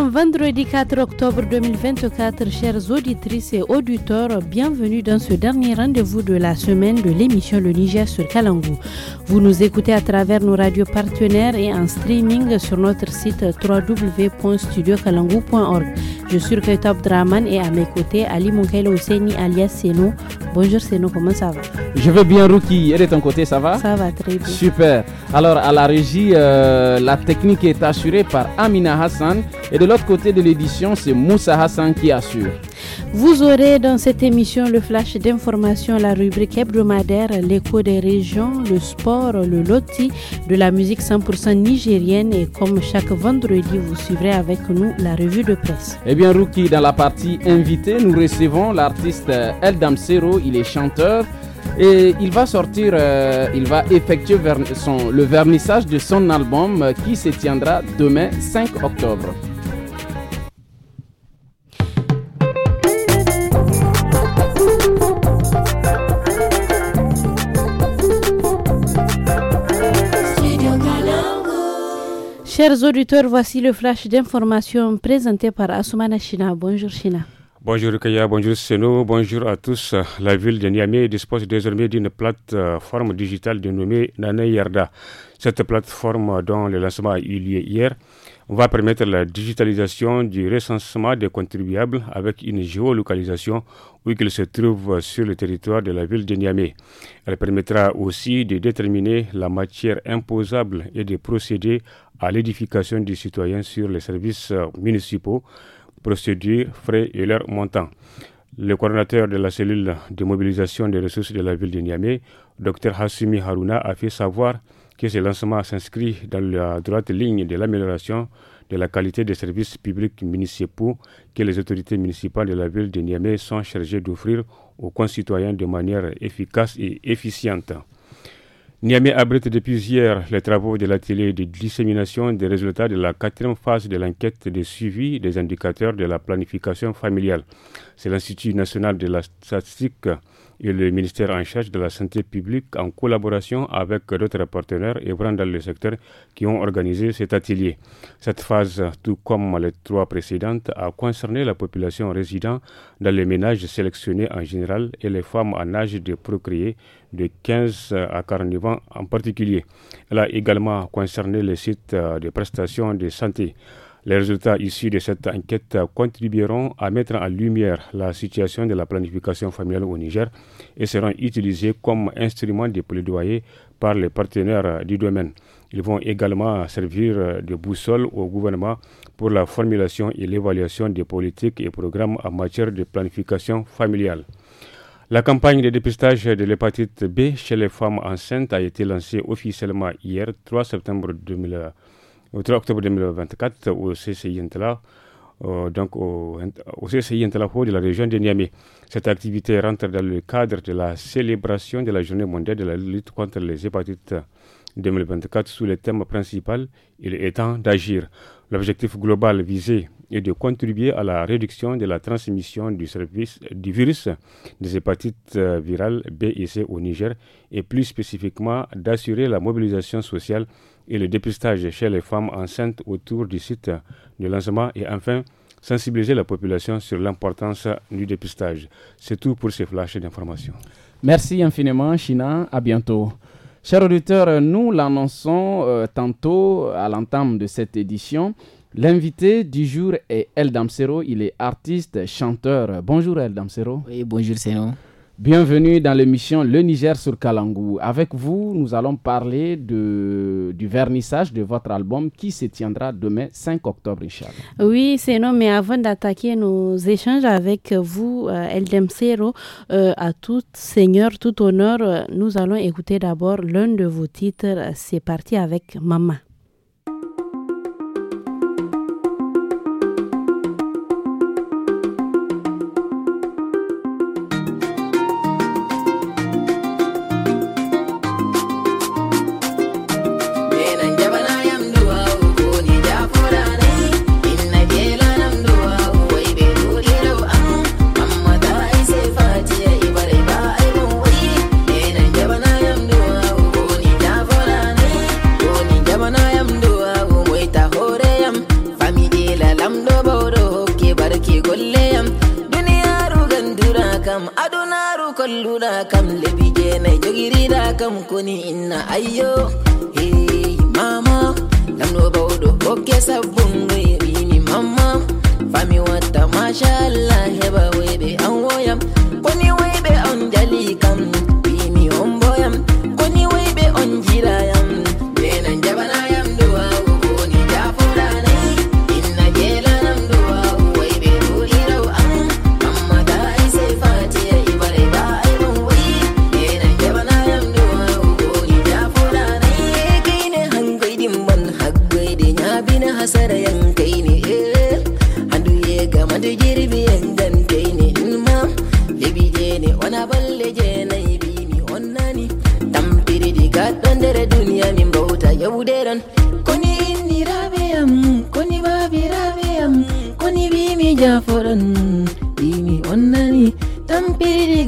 vendredi 4 octobre 2024, chers auditrices et auditeurs. Bienvenue dans ce dernier rendez-vous de la semaine de l'émission Le Niger sur Kalangou. Vous nous écoutez à travers nos radios partenaires et en streaming sur notre site www.studiocalangou.org. Je suis le Top et à mes côtés, Ali Moukele Ouseni alias Seno. Bonjour Seno, comment ça va Je vais bien, Ruki. Et de ton côté, ça va Ça va très bien. Super. Alors, à la régie, euh, la technique est assurée par Amina Hassan. Et de l'autre côté de l'édition, c'est Moussa Hassan qui assure. Vous aurez dans cette émission le flash d'information, la rubrique hebdomadaire, l'écho des régions, le sport, le loti, de la musique 100% nigérienne et comme chaque vendredi, vous suivrez avec nous la revue de presse. Eh bien, Ruki, dans la partie invité, nous recevons l'artiste Eldam Sero, il est chanteur. Et il va sortir, euh, il va effectuer le vernissage de son album qui se tiendra demain 5 octobre. Chers auditeurs, voici le flash d'information présenté par Asumana China. Bonjour China. Bonjour Kaya, bonjour Seno, bonjour à tous. La ville de Niamey dispose désormais d'une plateforme digitale dénommée Nane Yarda. Cette plateforme, dont le lancement a eu lieu hier, va permettre la digitalisation du recensement des contribuables avec une géolocalisation où qu'ils se trouvent sur le territoire de la ville de Niamey. Elle permettra aussi de déterminer la matière imposable et de procéder à l'édification du citoyen sur les services municipaux procédures, frais et leur montant. Le coordinateur de la cellule de mobilisation des ressources de la ville de Niamey, Dr Hassimi Haruna, a fait savoir que ce lancement s'inscrit dans la droite ligne de l'amélioration de la qualité des services publics municipaux que les autorités municipales de la ville de Niamey sont chargées d'offrir aux concitoyens de manière efficace et efficiente. Niamey abrite depuis hier les travaux de l'atelier de dissémination des résultats de la quatrième phase de l'enquête de suivi des indicateurs de la planification familiale. C'est l'Institut national de la statistique et le ministère en charge de la santé publique en collaboration avec d'autres partenaires et vraiment dans le secteur qui ont organisé cet atelier. Cette phase, tout comme les trois précédentes, a concerné la population résidant dans les ménages sélectionnés en général et les femmes en âge de procréer de 15 à 49 ans en particulier. Elle a également concerné les sites de prestations de santé. Les résultats issus de cette enquête contribueront à mettre en lumière la situation de la planification familiale au Niger et seront utilisés comme instrument de plaidoyer par les partenaires du domaine. Ils vont également servir de boussole au gouvernement pour la formulation et l'évaluation des politiques et programmes en matière de planification familiale. La campagne de dépistage de l'hépatite B chez les femmes enceintes a été lancée officiellement hier 3 septembre 2020 le 3 octobre 2024 au CCI donc au, au de la région de Niamey. Cette activité rentre dans le cadre de la célébration de la journée mondiale de la lutte contre les hépatites 2024 sous le thème principal Il est temps d'agir. L'objectif global visé est de contribuer à la réduction de la transmission du, virus des hépatites euh, virales B et C au Niger et plus spécifiquement d'assurer la mobilisation sociale et le dépistage chez les femmes enceintes autour du site de lancement et enfin sensibiliser la population sur l'importance du dépistage. C'est tout pour ces flashs d'informations. Merci infiniment, China. À bientôt. Chers auditeurs, nous l'annonçons euh, tantôt à l'entame de cette édition. L'invité du jour est El Damsero. Il est artiste, chanteur. Bonjour El Damsero. Oui, bonjour nous. Bienvenue dans l'émission Le Niger sur Kalangou. Avec vous, nous allons parler de, du vernissage de votre album qui se tiendra demain 5 octobre, Richard. Oui, c'est non, mais avant d'attaquer nos échanges avec vous, euh, Eldem Cero, euh, à tout seigneur, tout honneur, euh, nous allons écouter d'abord l'un de vos titres. C'est parti avec Maman. Boke sabbin gaibi ni mamma Fami wata masha Allah heba webe an woyam webe an kam Bini on boyam Kuni webe on jirayam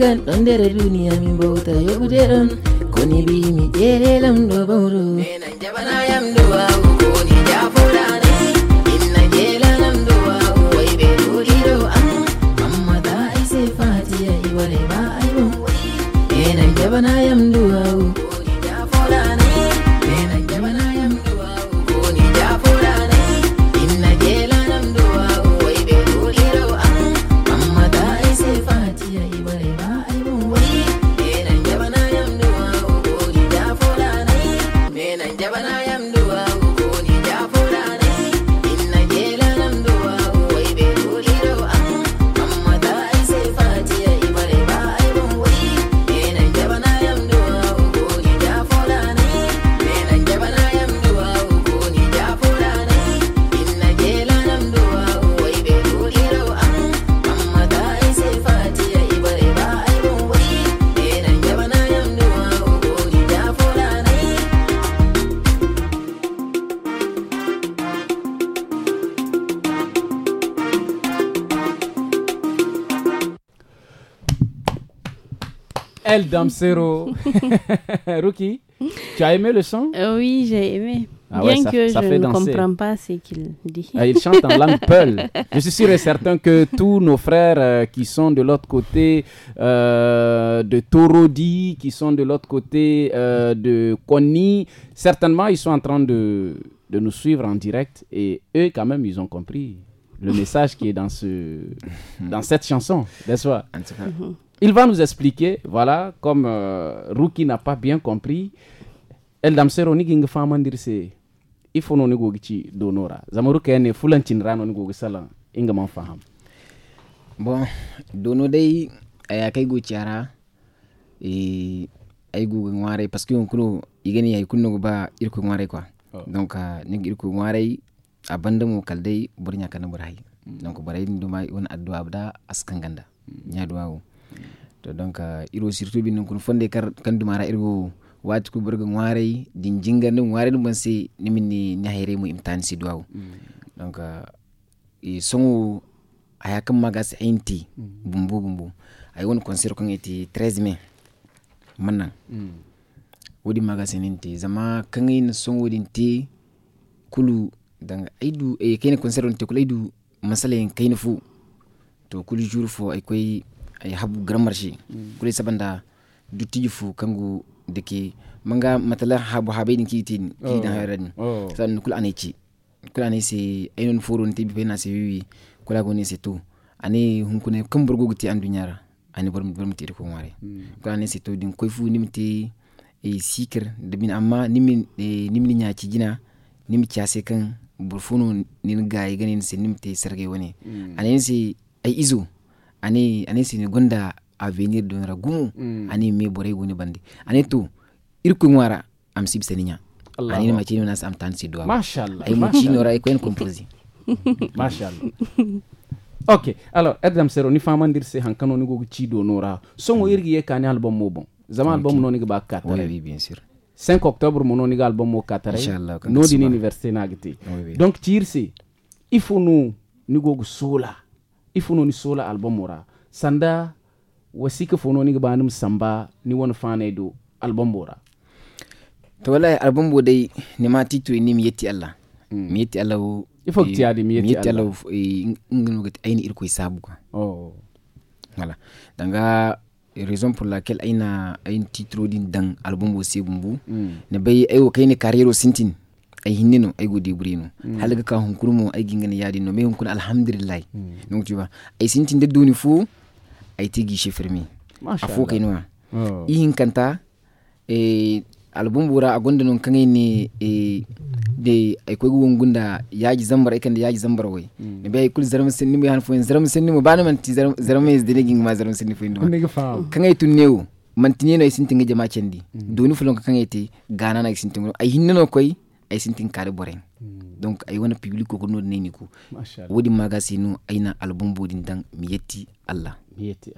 gal ɗon nder duniya min bauta yoɓude ɗon koni bimi lam do bawɗo El Damsero. Ruki, tu as aimé le son euh, Oui, j'ai aimé. Ah Bien que je ne comprends pas ce qu'il dit. Ah, il chante en langue peul. Je suis sûr et certain que tous nos frères euh, qui sont de l'autre côté euh, de Torodi, qui sont de l'autre côté euh, de Koni, certainement ils sont en train de, de nous suivre en direct et eux quand même ils ont compris le message qui est dans, ce, dans cette chanson, nest il va nous expliquer, voilà, comme euh, Ruki n'a pas bien compris, Eldam ifono Ging Famandirse, il faut non gogichi donora. Zamorukene Fulantin Rano inga man Faham. Bon, Donodei, Ayakai Guchara, et Aigu Ngware, parce que on croit, Igeni Aikuno Ba, Irku Ngware quoi. Donc, Ning Irku Ngware, Abandamu Kaldei, Burnyakana Burai. Donc, burahi Nduma, on abda Askanganda, Nyaduao. Mm. to donc iro surtout bi non kun fonde kar kandu mara irgo wati kuborgo waray din jinga ndin ware ɗum ban ni min ni mu imtan si duwaw donc i songo aya kam magas inti bumbu bumbu ay won concert kon eti 13 mai mannan wodi magasin inti zama kangi na songo din te kulu danga aidu e kaina concert on te kulu aidu masala en kaina fu to kulu juru fo ay koy habu gran marché kule sabanda dutti fu kangu deke manga matala habu habe oh. din ki tin ki dan hayran oh. san kul ane ci kul ane se ainun furun tibi pena se wiwi kula goni se to ane hun kune kan burgo guti an dunyara ane bar bar mutir ko ngare hmm. kul ane se to din koy fu nimti e sikir da bin amma nimin e nimin nya ci jina nimi ci ase kan burfunu nin gayi ganin se nimti sarge wani hmm. ane se ai izo ani ani sini gonda avenir donra gumu mm. ani me bore woni bandi ani to irku ngwara am sib ani ma chini nas am tan si mashallah ora ikwen ok alors adam sero ni hankano ni chido nora songo mm. album mo bon zama album oui, bien sûr 5 octobre mo album mo no université nagiti donc tirsi il faut nous nous ifunoni sola albomora sanda wasika funoni samba ni wani fane do albombora to wallahi albombo dai ni ma titu ni miyeti allah hmm. miyeti allah wo eh, adi miyeti allah eh, aini sabu oh wala danga raison pour laquelle aina ain dang din dan albombo sebumbu hmm. ne bai ayo kai ne sintin ay hinne no ay go buri no mm. halaga ka hunkuru mo ay gingana yaadi no mais hunkuna alhamdulillah mm. no ci ba ay sinti nde doni fo ay tigi chez fermi a fo kay noa oh. i hinkanta e album bura a gonda non kangay ne e de ay koy gon gunda yaji zambar ikande yaji zambar way mm. ne be ay kul zaram senni mo han fo en zaram senni mo bana man ti zaram zaram es de ginga ma zaram senni fo nduma kangay tun newo mantine no ay sintinga jama cendi doni fulon kangay te gana na ay sintinga ay hinne no koy ay sintin kare boreng hmm. donc ay wana public ko no neni ko wodi maga sinu ayna album bodin dan miyeti allah miyeti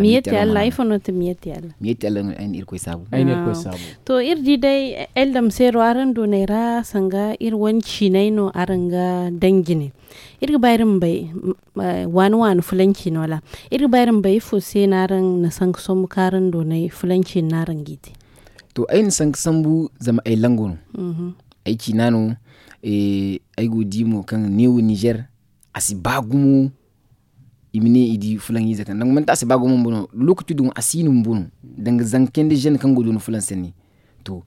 mi yetti alla ay fono te mi yetti miyeti allah miyeti allah ayn ir koy sabu ayn ir koy sabu to ir di day eldam sero aran do ne ra sanga ir wanci nay no aranga dangine ir ga bayram bay wan wan fulanci no la irga bayrin bai fo se naran na sang som karan do nay fulanci naran gite to ayn sang sambu zama ay langono mhm. aiki nanu e eh, aigo dimo kan new niger asi bagumo imine idi fulan yiza kan man ta asi bagumo bono lokaci dun asinu bono danga zanken de jen kan godo fulan sani to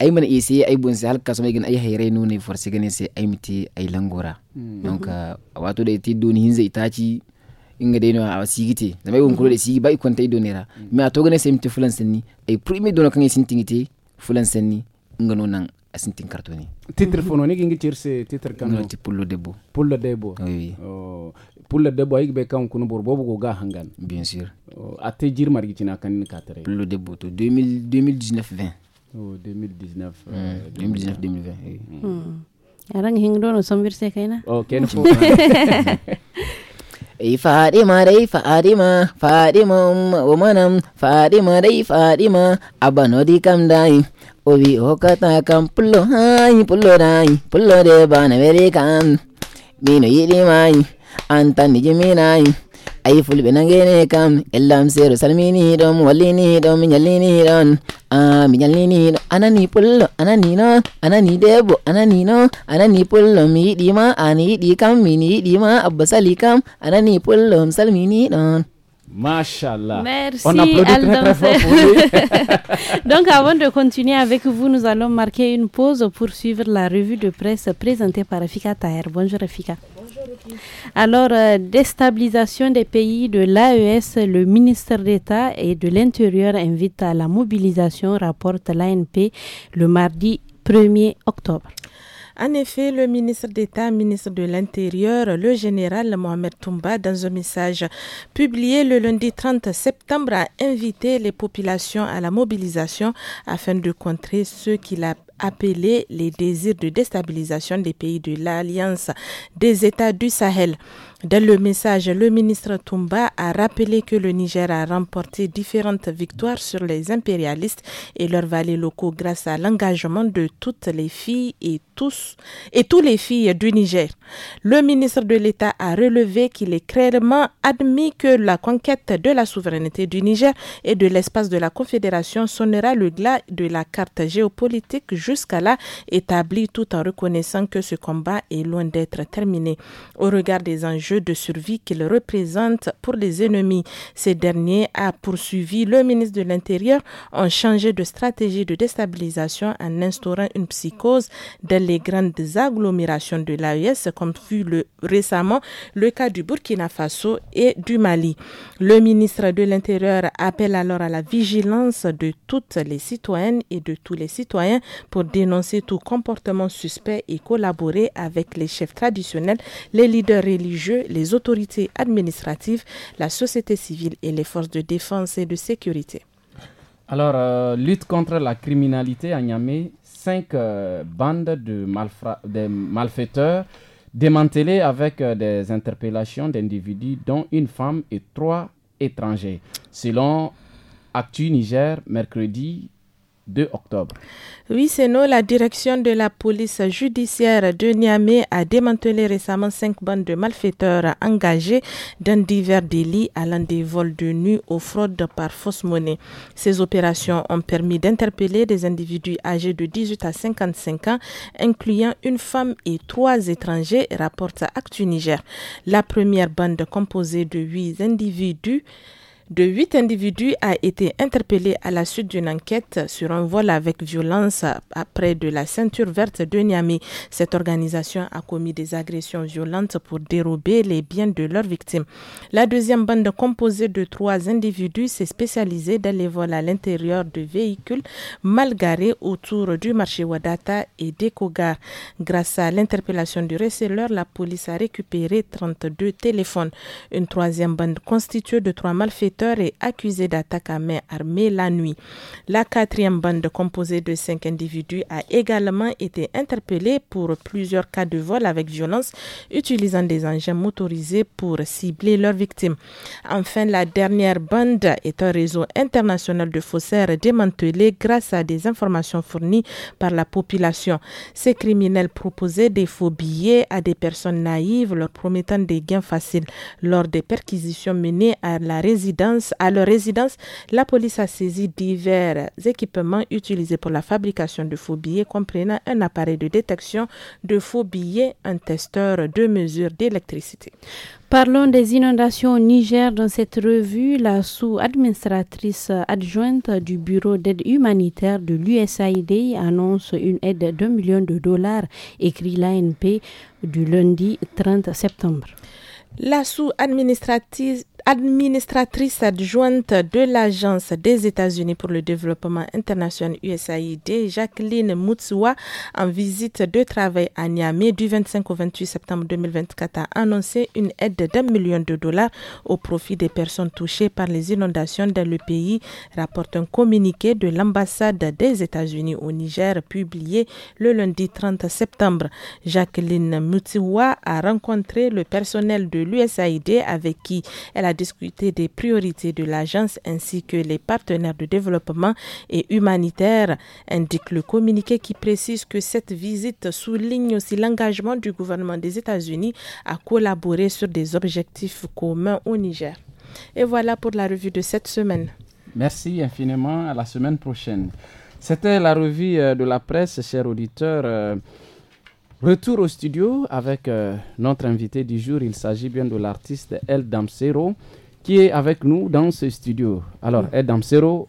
ai mana iya ai bun bon sai halka sama gin ai hayre no ne for forse gane sai ai miti ai langora mm. donc euh, wato da ti doni hinza itaci inga dai no a sigite da mai gonkuro da sigi bai ikon ta ido nera mm. me a to gane sai miti fulan sanni ai primi dono kan yi sintingite fulan sanni inga no nan asintin cartonné. Titre fononi kingi cirse titre kanu. No ti pullo debo. Pullo debo. Oui. Oh, pullo debo ayik be kan kunu borbo bugo ga hangan. Bien sûr. Oh, ate jir margi tina kanin katere. Pullo debo to 2000 2019-20. Oh, 2019. 2019-2020. Hmm, euh, oui. Mm. Arang hingdo no sombir se kaina. Oh, ken fo. Ey Fatima dai Fatima Fatima umanam Fatima dai Fatima abanodi kam dai Obi okata kam pullo hai pullo dai pullo de bana veri kam Mino yidi mai anta nijimi nai ay fulɓe nangene kam ellam sero salminiɗon walliniɗon mi ñalliniɗon a mi ñalliniɗo anani pullo ananino anani debbo ananino anani pullo mi yiɗima ani yiɗi kam mini ma abba sali kam anani pullo salmini salminiɗon Machallah. Merci. On applaudit très, très fort pour lui. Donc, avant de continuer avec vous, nous allons marquer une pause pour suivre la revue de presse présentée par Fika Taher. Bonjour, Rafika. Alors, euh, déstabilisation des pays de l'AES, le ministre d'État et de l'Intérieur invite à la mobilisation, rapporte l'ANP le mardi 1er octobre. En effet, le ministre d'État, ministre de l'Intérieur, le général Mohamed Toumba, dans un message publié le lundi 30 septembre, a invité les populations à la mobilisation afin de contrer ceux qui la appeler les désirs de déstabilisation des pays de l'Alliance des États du Sahel. Dans le message, le ministre Toumba a rappelé que le Niger a remporté différentes victoires sur les impérialistes et leurs valets locaux grâce à l'engagement de toutes les filles et tous et tous les filles du Niger. Le ministre de l'État a relevé qu'il est clairement admis que la conquête de la souveraineté du Niger et de l'espace de la Confédération sonnera le glas de la carte géopolitique jusqu'à là établie tout en reconnaissant que ce combat est loin d'être terminé. Au regard des enjeux de survie qu'il représente pour les ennemis. Ces derniers, a poursuivi le ministre de l'Intérieur, en changé de stratégie de déstabilisation en instaurant une psychose dans les grandes agglomérations de l'AES, comme fut le, récemment le cas du Burkina Faso et du Mali. Le ministre de l'Intérieur appelle alors à la vigilance de toutes les citoyennes et de tous les citoyens pour dénoncer tout comportement suspect et collaborer avec les chefs traditionnels, les leaders religieux, les autorités administratives, la société civile et les forces de défense et de sécurité. Alors, euh, lutte contre la criminalité à Niamey, cinq euh, bandes de, malfaiteurs démantelées avec euh, des interpellations d'individus, dont une femme et trois étrangers. Selon Actu Niger, mercredi, 2 octobre. Oui, c'est nous. La direction de la police judiciaire de Niamey a démantelé récemment cinq bandes de malfaiteurs engagés dans divers délits allant des vols de nuit aux fraudes par fausse monnaie. Ces opérations ont permis d'interpeller des individus âgés de 18 à 55 ans, incluant une femme et trois étrangers, rapporte Actu Niger. La première bande composée de huit individus de huit individus a été interpellé à la suite d'une enquête sur un vol avec violence près de la ceinture verte de Niamey. Cette organisation a commis des agressions violentes pour dérober les biens de leurs victimes. La deuxième bande composée de trois individus s'est spécialisée dans les vols à l'intérieur de véhicules mal garés autour du marché Wadata et d'Ekogar. Grâce à l'interpellation du receleur, la police a récupéré 32 téléphones. Une troisième bande constituée de trois malfaiteurs est accusé d'attaque à main armée la nuit. La quatrième bande composée de cinq individus a également été interpellée pour plusieurs cas de vol avec violence utilisant des engins motorisés pour cibler leurs victimes. Enfin, la dernière bande est un réseau international de faussaires démantelé grâce à des informations fournies par la population. Ces criminels proposaient des faux billets à des personnes naïves leur promettant des gains faciles. Lors des perquisitions menées à la résidence, à leur résidence, la police a saisi divers équipements utilisés pour la fabrication de faux billets, comprenant un appareil de détection de faux billets, un testeur de mesure d'électricité. Parlons des inondations au Niger. Dans cette revue, la sous-administratrice adjointe du Bureau d'aide humanitaire de l'USAID annonce une aide de 2 millions de dollars, écrit l'ANP du lundi 30 septembre. La sous-administratrice administratrice adjointe de l'Agence des États-Unis pour le développement international USAID, Jacqueline Moutsoua en visite de travail à Niamey du 25 au 28 septembre 2024, a annoncé une aide d'un million de dollars au profit des personnes touchées par les inondations dans le pays, rapporte un communiqué de l'ambassade des États-Unis au Niger publié le lundi 30 septembre. Jacqueline Mutsuwa a rencontré le personnel de l'USAID avec qui elle a discuter des priorités de l'agence ainsi que les partenaires de développement et humanitaire, indique le communiqué qui précise que cette visite souligne aussi l'engagement du gouvernement des États-Unis à collaborer sur des objectifs communs au Niger. Et voilà pour la revue de cette semaine. Merci infiniment. À la semaine prochaine. C'était la revue euh, de la presse, chers auditeurs. Euh, Retour au studio avec euh, notre invité du jour. Il s'agit bien de l'artiste El Damsero qui est avec nous dans ce studio. Alors, mm. El Damsero,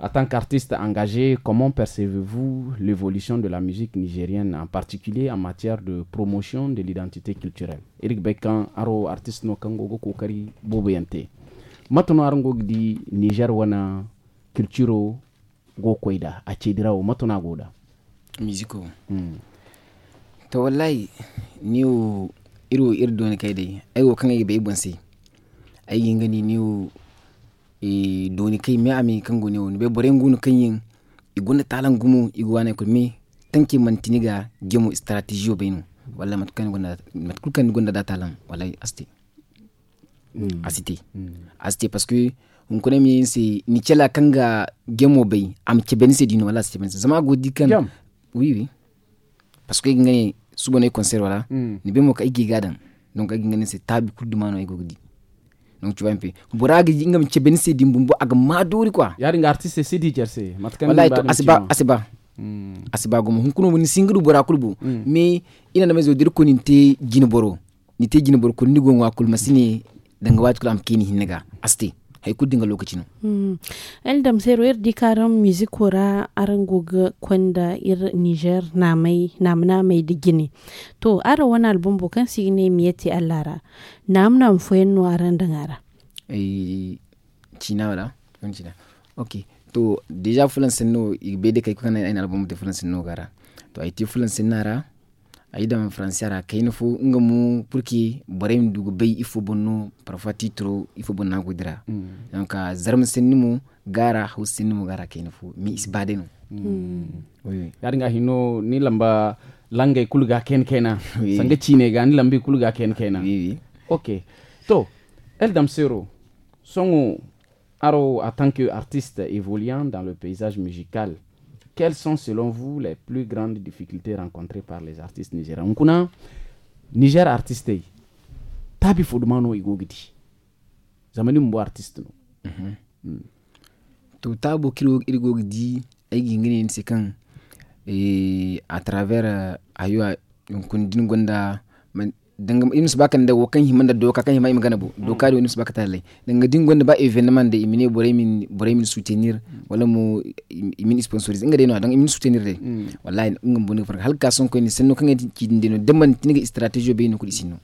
en tant qu'artiste engagé, comment percevez-vous l'évolution de la musique nigérienne, en particulier en matière de promotion de l'identité culturelle Eric Bekan, Aro, artiste no di Niger wana go to wallahi iru iru niwo iro irdoni kaydey aywo kaŋey be i bonse ay hinga ni niwo e doni kai me ami kan niwo eh, ni be bore ngunu kan yin iguna talan gumu i go wana kul me tanki man tiniga gemo stratégie beno walla matkan gonda matkul kan gonda da talan wallahi asti mm. asti mm. asite parce que on connaît mi c'est ni cela kanga gemo bay am kebense dino wala c'est zama godi kan yeah. oui oui parce que ngani suba concert wala mm. ni bemo igi donc agi se tabi gudi donc tu vois un peu se aga madori quoi yari nga artiste se jersey jerse matkan asiba asiba mm. asiba gomo hunkuno singru mm. mais ina na mezo te jini ni te jini ni kini asti hay kudinga lokaci no mm. el damsero yar er di karan music aran goga kwanda ir niger na mai na mna mai digini to ara wani album bukan kan si ne miyete allara na mna mfoyen no aran da ngara. eh china wala on china Ok. to deja fulan senno ibe de kai kana en album de fulan senno gara to ai ti fulan senara a yi da man faransiyara ka yi nufo nga mu purki bare mi dugu bai ifo bonno parfois ifo bonna mm. donc zarm gara hu mu gara ka mis nufo mi oui yar nga hino ni lamba langay kulga ken kena sanga chine ga ni lambi kulga ken kena oui, ok to el sero songo aro a tant que artiste évoluant dans le paysage musical quelles sont selon vous les plus grandes difficultés rencontrées par les artistes nigériens nkuna niger artiste yi tabi fudumano igogidi zamani mbo artiste no tout mhm. hmm. to tabo kilo irgogidi aigi ngini nsekan et eh, a travers euh, ayo yunkundin gonda danga im baka da wakan himan da doka kan himan imgana bu mm. doka da wani baka talai danga dingon da ba evenement da imine bore min bore min soutenir mm. wala mu imin sponsorize inga deno dan imin soutenir de mm. wallahi inga bonu farka halka son ko ni senno kan ki deno demman tiniga strategie be ni ku disino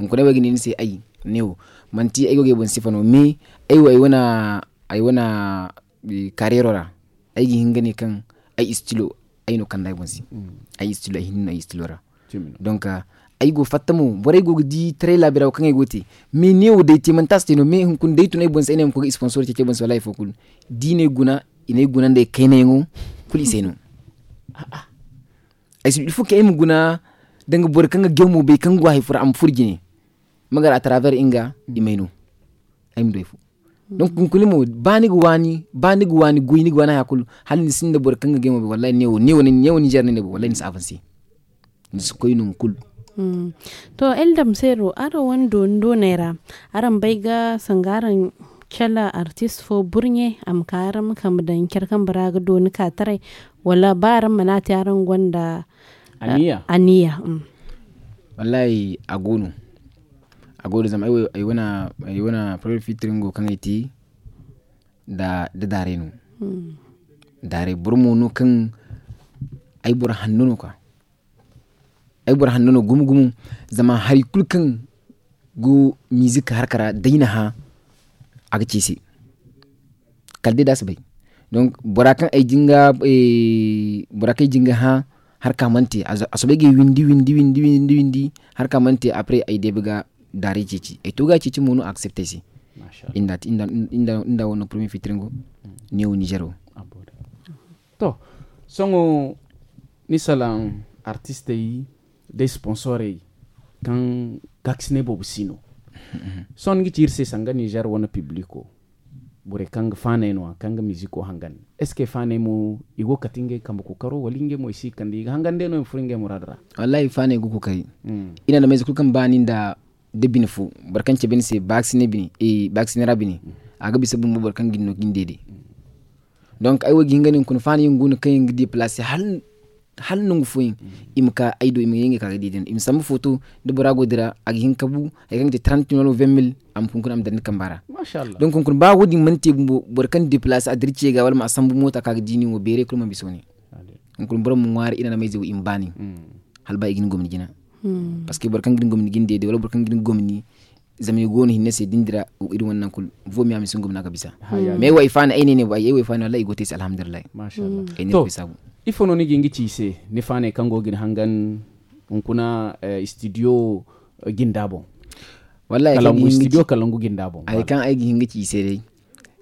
on ko da wagi ni sai ai neo manti ay goge bon sifano me ai wai wana ai wana eh, carrière ora ai gi hingani kan ai stilo ai no kan dai bon si ai stilo ay hinno ay ra donc aigo fatamu borai go di trailer bira kan aigo te me ne o dai timan tas tino me hun kun dai tunai bon sene ko sponsor ke bon so life di ne guna ine guna dai kaine ngo kuli seno ah, ah. ai su ifu ke mu guna danga bor kan gemu be kan gwa haifur am furgine magar a travers inga imenu ai mu dai donc kunkulimo bani wani bani wani guini gwana yakul halin sinda bor kan gemu be wallahi ne o ne o ne o ni jarne ne wallahi ni sa ni su koy nun Mm. to eldam sero ara wando ndo naira ara baiga sangaran kela artist fo burnye am karam kam dan kerkan baraga doni katare wala baran mana taran gwanda uh, aniya aniya mm. wallahi agonu agonu zama aiwa aiwana aiwana problem fitrin go kan iti da da dare nu hmm. dare burmu nu kan aibur hannu ka ay bor na nono zama hari kulkan gu music harkara daina ha ga cese kalde da bai donc burakan ai jinga e borakan jinga ha harka mante su ge windi windi windi windi windi harka mante après ay debga dare cici ay toga cici mono accepte si inda inda inda inda wono premier fitringo mm. new nigero to songo ni salam artiste yi dai sponsorai kan gaksine bobu sino son gi cirse sanga niger wana publico bure kang fane no kang musico hangan eske fane mo igo katinge kambo ko karo nge mo isi kandi hangande no furinge muradra wallahi fane go ko kai mm. ina da mai zikul kan bani da debin fu barkan ce bin se vaccine bini e vaccine rabini mm. aga bisa bun barkan ginno gindede mm. donc ay wagi nganin kun fane yin gun kayin gidi place hal hal nungu fuin imka aido imi yenge kaga didin im samu foto de borago dira agi hin kabu ay kangte 30 million 20 mil am kun kun am dan kambara mashallah donc kun ba wodi mante bor kan déplacer adir ciega wala ma sambu mota kaga dini wo bere kulma bisoni kun bor mu ngwar ina na mezi zewu imbani hmm. hal ba igin gomni jina hmm. parce que bor kan gin gomni gin dede wala bor kan gin gomni zamani goni hinne se dindira irin wannan kul vo mi amin sun gomna ka bisa me wa ifana aine ne ba yayi e wa ifana wallahi gote alhamdulillah mashallah aine ifono ni gingi cise ni fane kango gin hangan nkuna uh, studio uh, eh, gindabo ya kalangu studio kalangu gindabo ai kan ai gingi chise dai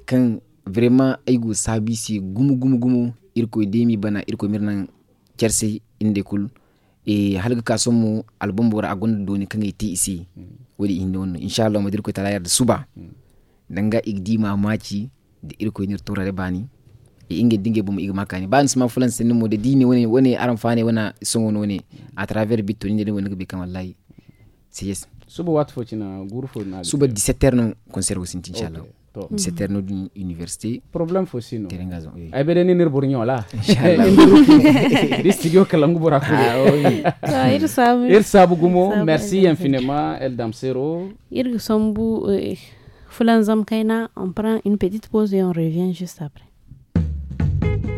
kan vraiment ai go sabisi gumu gumu gumu irko demi bana irko mirna kersi inde kul e halga kason mu album bora a doni kan ti isi wadi inde wannan insha Allah madir ko talayar da suba danga mm. igdi mamaci da irko nir turare bani inge dinge bum igma kani ban sma fulan sinin mo de dini woni woni fane a travers bitto ni wallahi c'est yes suba guru suba concert c'est université problème fo sino terengazo nir nyola ir ah, ah, hmm. merci infiniment el damsero ir sombu euh, fulan zam kaina on prend une petite pause et on revient juste après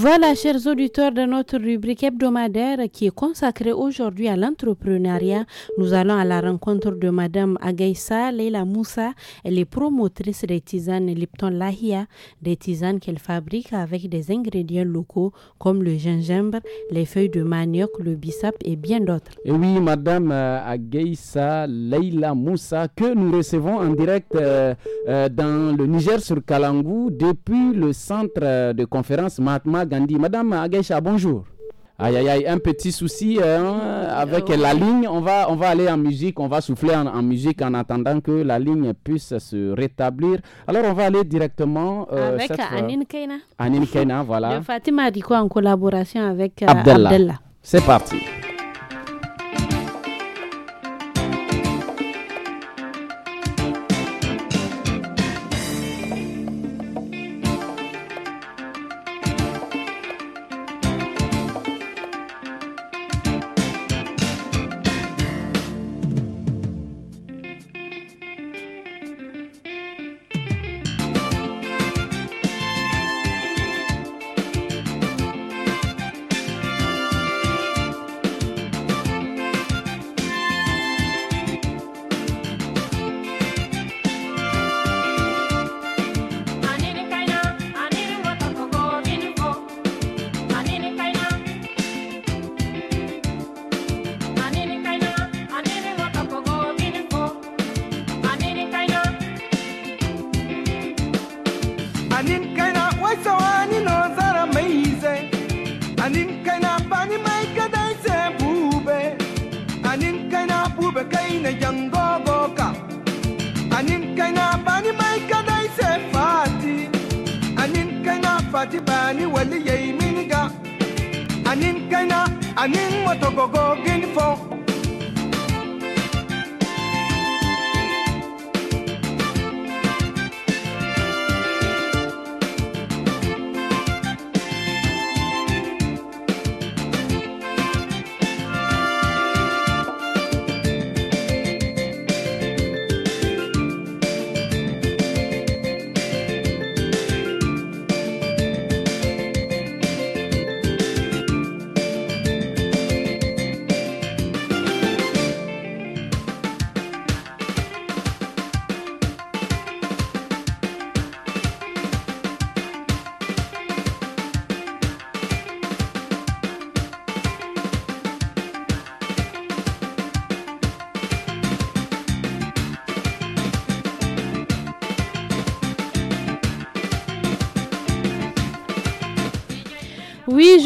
Voilà, chers auditeurs de notre rubrique hebdomadaire qui est consacrée aujourd'hui à l'entrepreneuriat. Nous allons à la rencontre de Madame Agaïssa Leila Moussa. Elle est promotrice des tisanes Lipton Lahia, des tisanes qu'elle fabrique avec des ingrédients locaux comme le gingembre, les feuilles de manioc, le bissap et bien d'autres. Et oui, Madame euh, Agaïssa Leila Moussa, que nous recevons en direct euh, euh, dans le Niger sur Kalangou depuis le centre de conférence Matma Madame Agesha, bonjour. Aïe, aïe, aïe, un petit souci hein. avec oh. la ligne. On va, on va aller en musique, on va souffler en, musique en attendant que la ligne puisse se rétablir. Alors, on va aller directement. Euh, avec Anine Keina. Anine Keina, voilà. De Fatima Diko en collaboration avec euh, C'est parti.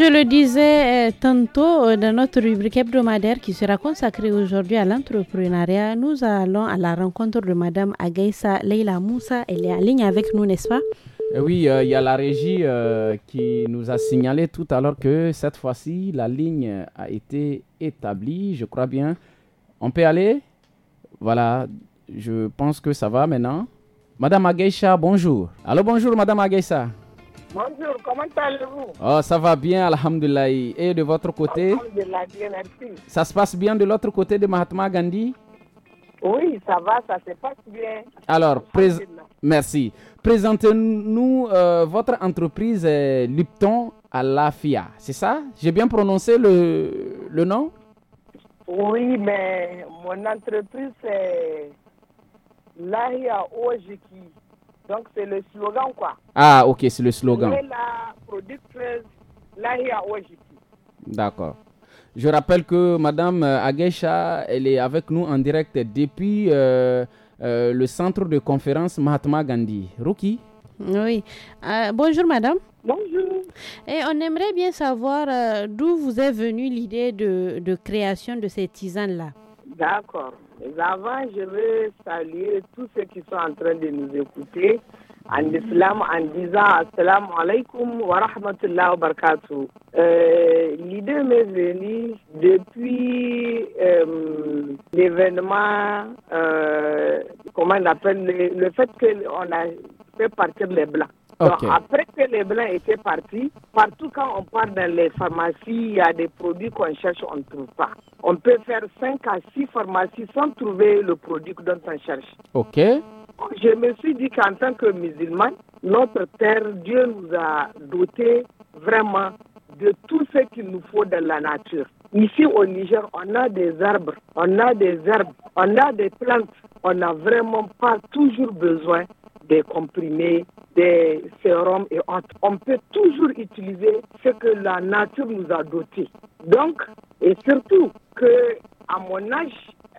je le disais euh, tantôt euh, dans notre rubrique hebdomadaire qui sera consacrée aujourd'hui à l'entrepreneuriat, nous allons à la rencontre de Madame Agaïssa Leila Moussa. Elle est en ligne avec nous, n'est-ce pas eh Oui, euh, il y a la régie qui nous a signalé tout à l'heure que cette fois-ci, la ligne a été établie, je crois bien. On peut aller Voilà, je pense que ça va maintenant. Madame Agaïssa, bonjour. Allô, bonjour, Madame Agaïssa Bonjour, comment allez-vous oh, Ça va bien, Alhamdulillah. Et de votre côté Ça se passe bien de l'autre côté de Mahatma Gandhi Oui, ça va, ça se passe bien. Alors, merci. Présentez-nous euh, votre entreprise euh, Lipton Alafia, c'est ça J'ai bien prononcé le, nom Oui, mais mon entreprise c'est Lahia Ojiki. Donc c'est le slogan quoi. Ah ok, c'est le slogan. la productrice D'accord. Je rappelle que Madame euh, Agesha, elle est avec nous en direct depuis euh, euh, le centre de conférence Mahatma Gandhi. Ruki Oui. bonjour Madame. Bonjour. Et on aimerait bien savoir d'où vous est venue l'idée de, de création de ces tisanes-là. D'accord avant, je veux saluer tous ceux qui sont en train de nous écouter en islam en disant Assalamu alaikum wa rahmatullah wa barakatuh. Euh, l'idée m'est venue depuis euh, l'événement, euh, comment on appelle, le fait qu'on a fait partir les Blancs après que les Blancs étaient partis, partout quand on part dans les pharmacies, il y a des produits qu'on cherche, on ne trouve pas. On peut faire 5 à 6 pharmacies sans trouver le produit dont on cherche. OK. Je me suis dit qu'en tant que musulman, notre terre, Dieu nous a doté vraiment de tout ce qu'il nous faut dans la nature. Ici au Niger, on a des arbres, on a des herbes, on a des plantes. On n'a vraiment pas toujours besoin des comprimés des sérums et autres. On peut toujours utiliser ce que la nature nous a doté. Donc, et surtout que à mon âge,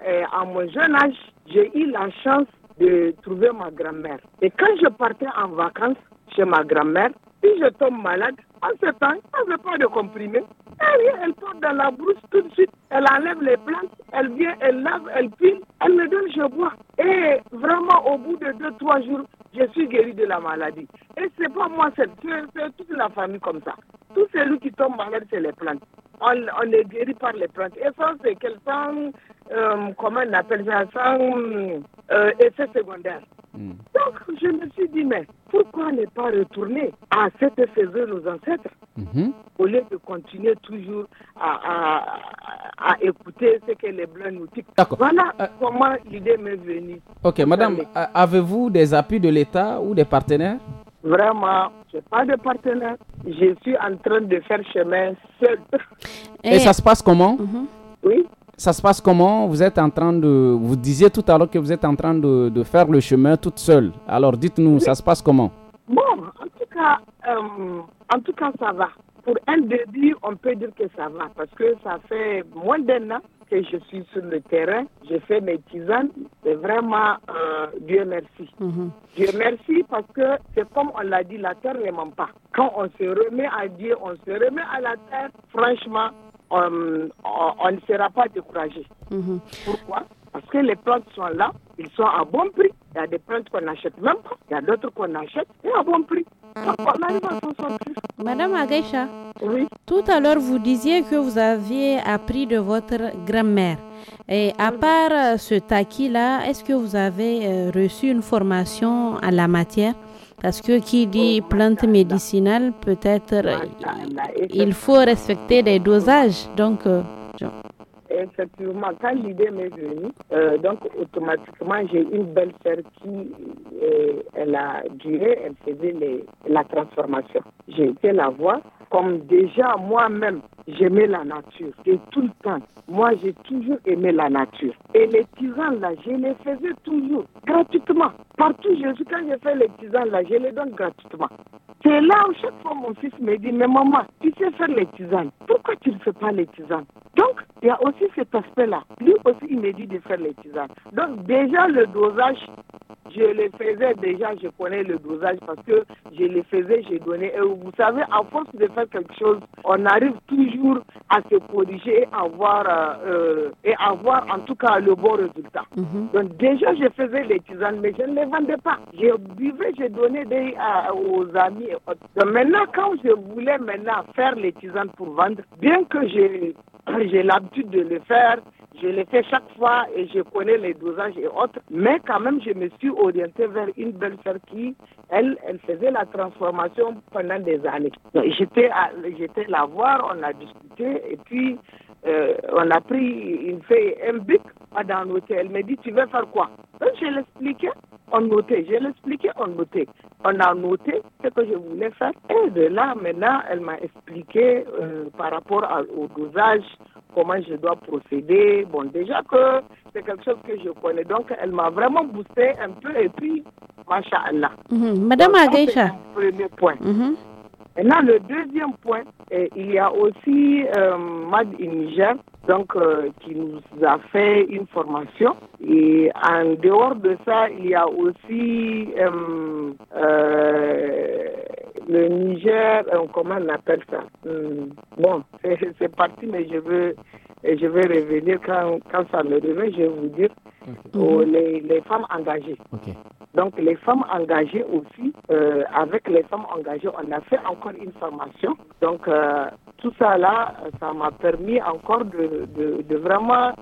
euh, à mon jeune âge, j'ai eu la chance de trouver ma grand-mère. Et quand je partais en vacances chez ma grand-mère, si je tombe malade, en ce temps, elle ne pas de comprimé. Elle vient, elle tombe dans la brousse tout de suite, elle enlève les plantes, elle vient, elle lave, elle pile, elle me donne, je bois. Et vraiment, au bout de deux, trois jours, je suis guéri de la maladie. Et ce n'est pas moi, c'est toute la famille comme ça. Tout celui qui tombe malade, c'est les plantes. On, est guéri par les plantes. Et ça, qu'elles temps. Euh, comment on appelle ça, euh, effet secondaire. Hmm. Donc, je me suis dit, mais pourquoi ne pas retourner à cette que nos ancêtres mhm. au lieu de continuer toujours à, écouter ce que les Blancs nous disent Voilà euh, comment l'idée m'est venue. Ok, madame, avez-vous des appuis de l'État ou des partenaires Vraiment, je n'ai pas de partenaire. Je suis en train de faire chemin seul. Et, eh. ça se passe comment mhm. Oui ça se passe comment Vous êtes en train de. Vous disiez tout à l'heure que vous êtes en train de, faire le chemin toute seule. Alors dites-nous, ça se passe comment Bon, en tout cas, euh, en tout cas, ça va. Pour un début, on peut dire que ça va parce que ça fait moins d'un an que je suis sur le terrain. Je fais mes tisanes. C'est vraiment euh, Dieu merci. Mhm. Dieu merci parce que c'est comme on l'a dit, la terre ne ment pas. Quand on se remet à Dieu, on se remet à la terre. Franchement, euh, on, ne sera pas découragé. Mhm. Pourquoi Parce que les plantes sont là, ils sont à bon prix. Il y a des plantes qu'on achète même il y a d'autres qu'on achète, et à bon prix. on arrive à Madame Agaïcha, oui. tout à l'heure vous disiez que vous aviez appris de votre grand-mère. Et à part euh, ce taquis-là, est-ce que vous avez euh, reçu une formation à la matière parce que qui dit plante médicinale, peut-être euh, il faut respecter les dosages. Donc, euh, Effectivement, quand l'idée m'est venue, euh, donc automatiquement j'ai une belle sœur qui, elle a duré, elle faisait la transformation. J'ai été la voix comme déjà moi-même, j'aimais la nature. Et tout le temps, moi, j'ai toujours aimé la nature. Et les tisanes, là, je les faisais toujours, gratuitement. Partout, je suis, quand je fais les tisanes, là, je les donne gratuitement. C'est là où chaque fois, mon fils me dit, mais maman, tu sais faire les tisanes. Pourquoi tu ne fais pas les tisanes Donc, il y a aussi cet aspect-là. Lui aussi, il me dit de faire les tisanes. Donc, déjà, le dosage, je les faisais déjà, je connais le dosage parce que je les faisais, je donnais. Et vous savez, à force de faire quelque chose, on arrive toujours à se corriger euh, et avoir, et avoir en tout cas le bon résultat. Mhm. Donc déjà, je faisais les tisanes, mais je ne les vendais pas. Je buvais, je donnais des, aux amis. maintenant, quand je voulais maintenant faire les tisanes pour vendre, bien que j'ai l'habitude de le faire, je l'ai fait chaque fois et je connais les dosages et autres. Mais quand même, je me suis orientée vers une belle sœur qui, elle, elle faisait la transformation pendant des années. J'étais la voir, on a discuté et puis euh, on a pris une fait un bic, à a Elle m'a dit, tu veux faire quoi Donc ben, je l'expliquais, on notait. Je l'expliquais, on notait. On a noté ce que je voulais faire. Et de là, maintenant, elle m'a expliqué euh, par rapport au dosage, comment je dois procéder. Bon, déjà que c'est quelque chose que je connais. Donc, elle m'a vraiment boosté un peu et puis, m'achallah. Mm Madame Agaïcha. Premier point. Mhm. Maintenant, le deuxième point, euh, il y a aussi euh, Mad in donc euh, qui nous a fait une formation. Et en dehors de ça, il y a aussi le Niger, euh, comment on appelle ça hmm. Bon, c'est parti, mais je veux, je veux revenir quand, quand ça me revient, je vais vous dire, pour oh, mhm. les, femmes engagées. Donc les femmes engagées aussi, euh, avec les femmes engagées, on a fait encore une formation. Donc euh, tout ça là, ça m'a permis encore de, vraiment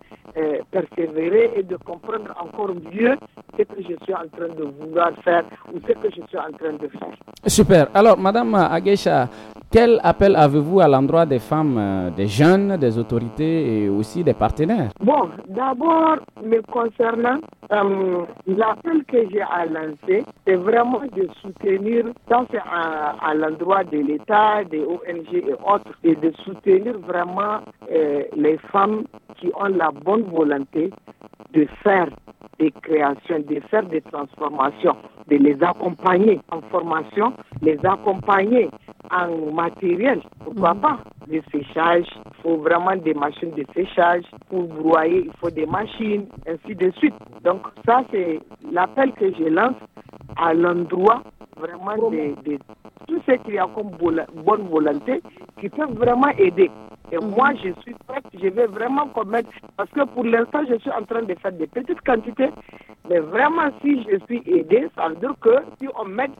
persévérer et de comprendre encore mieux ce que je suis en train de vouloir faire ou ce que je suis en train de faire. Super. Alors Madame Aguesha, quel appel avez-vous à l'endroit des femmes, euh, des jeunes, des autorités et aussi des partenaires Bon, d'abord, me concernant, euh, l'appel que j'ai à lancer, c'est vraiment de soutenir, tant à, l'endroit de l'État, des ONG et autres, et de soutenir vraiment euh, les femmes qui ont la bonne volonté de faire des créations, de faire des transformations, de les accompagner en formation, les accompagner accompagner en matériel, pourquoi mm. pas Le séchage, il faut vraiment des machines de séchage. Pour broyer, il faut des machines, ainsi de suite. Donc ça, c'est l'appel que je lance à l'endroit vraiment de, tout ce qu'il y a comme bonne volonté qui peuvent vraiment aider. Et mhm. moi, je suis prête, je vais vraiment commettre, parce que pour l'instant, je suis en train de faire des petites quantités, mais vraiment, si je suis aidée, ça veut dire que si on m'aide,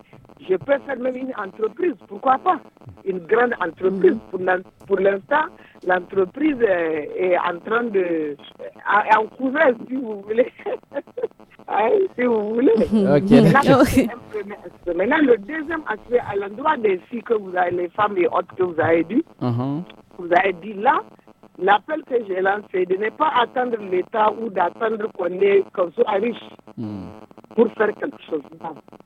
je peux faire même une entreprise, pourquoi pas Une grande entreprise. Mhm. Pour l'instant, l'entreprise est en train de... en si vous voulez. si vous voulez. Maintenant, le deuxième aspect, à l'endroit des filles que vous avez, les femmes et autres que vous avez dit, uh-huh. vous avez dit là, l'appel que j'ai lancé de ne pas attendre l'État ou d'attendre qu'on est, soit riche. Hmm. Pour faire quelque chose,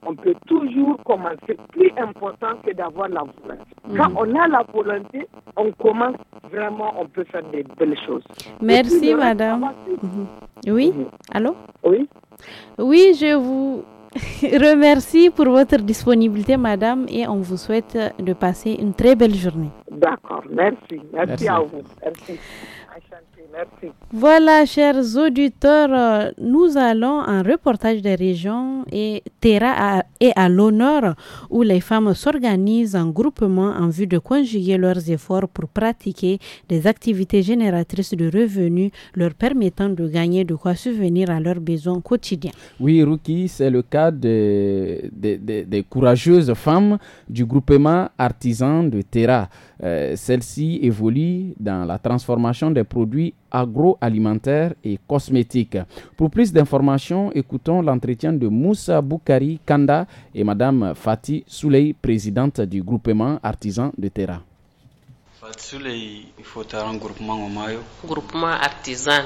on peut toujours commencer. Plus important que d'avoir la volonté. Hmm. Quand on a la volonté, on commence vraiment, on peut faire des belles choses. Merci, madame. Oui, mm-hmm. allô Oui. Oui, je vous remercie pour votre disponibilité, madame, et on vous souhaite de passer une très belle journée. D'accord, merci. merci. à vous. Merci. Voilà, chers auditeurs, nous allons en reportage des régions et Terra est à l'honneur où les femmes s'organisent en groupement en vue de conjuguer leurs efforts pour pratiquer des activités génératrices de revenus leur permettant de gagner de quoi subvenir à leurs besoins quotidiens. Oui, Ruki, c'est le cas des de, courageuses femmes du groupement artisan de Terra. Euh, celle-ci évolue dans la transformation des produits agroalimentaires et cosmétiques. Pour plus d'informations, écoutons l'entretien de Moussa Boukari Kanda et Madame Fatih Souley, présidente du groupement artisan de Terra. Fatsule ifotaran groupement mayo artisan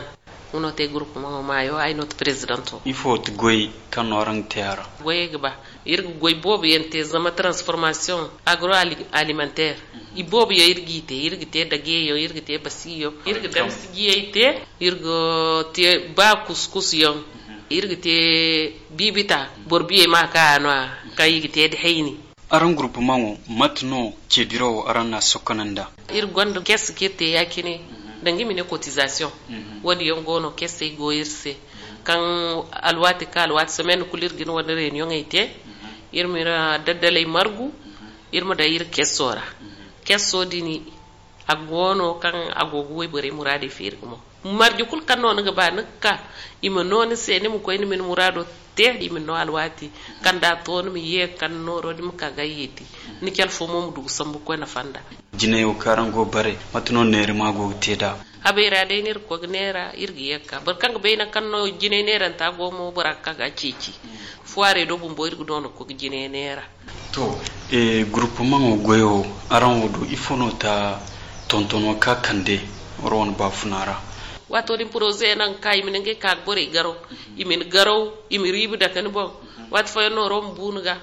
uno te groupement mayo ay not presidento ifot goy kanorang tiara goy gba irg goy bob yente zama transformation agroalimentaire mhm. i bob yo irgi te irgi te dage yo irgi te basiyo irgi dam sigiye te irgo te ba kuskus yo mhm. irgi te bibita borbiye ma ka anwa kayigi mhm. te de hayni aran groupement wo matno cediro aran na sokananda ir gondo kes kete yakine mhm. dangi mine cotisation mhm. wodi yongono kesse goyirse kan alwati ka alwati semaine kulir gin wani réunion ite mhm. ir mira daddalay margu ir da ir kessora kesso dini agono kan agogo we bere murade firmo marjo kul kannono ga ba nakka ima noon seeni mo koyni min murado teeɗi min no alwati kanda toon mi yee kannorode mi kaga yeeti ni kel fo momo dugu sambu koyna fanda jinayo karango bare matuno nere mago teda habera de ner ko nera irgi yakka bar kanga beena kanno jine nera ta gomo bara ga cici foire do bumbo irgi dono ko jine nera to e groupement o goyo aran wodo ifono ta tontono ka kande ron ba funara watodin projet nan ka imin nge ka bore garo imin garo imi ribu da kan bon wat fo no rom bunga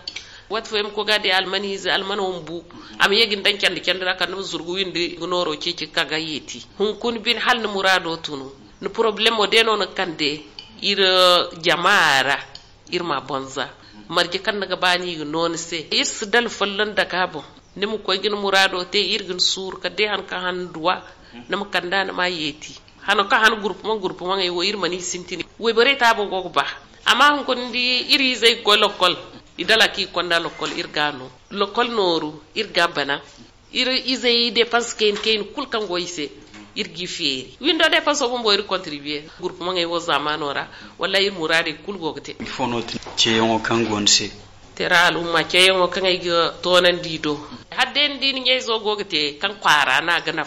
wat fo em ko gade almani ze almano mbu am yegin dan kende kende ra kan zurgu windi gnoro ci ci kaga yeti hun kun bin hal ni murado tunu ni problem o de no kande ir uh, jamara irma bonza marje kan naga bani non se ir sidal fallan da kabo nimu ko gin murado te irgin sur ka de han ka han duwa namu kanda na ma yeti hano ka han groupe mo groupe mo ngai e wo irmani sintini we bore ta bo go ba amma han ndi di iri zai ko lokol idala ki konda lokol irgano lokol noru irga bana ir izei dépense ken ken kul kan go ise irgi feeri windo de façon bo mboyri contribuer groupe mo ngi e wo zamanora walla ir murade kul gogte fonoti ceyo kan gonse tera al'umma ceyo kan ay tonan dido hadden din ngi zo gogte kan kwara na gana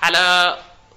hala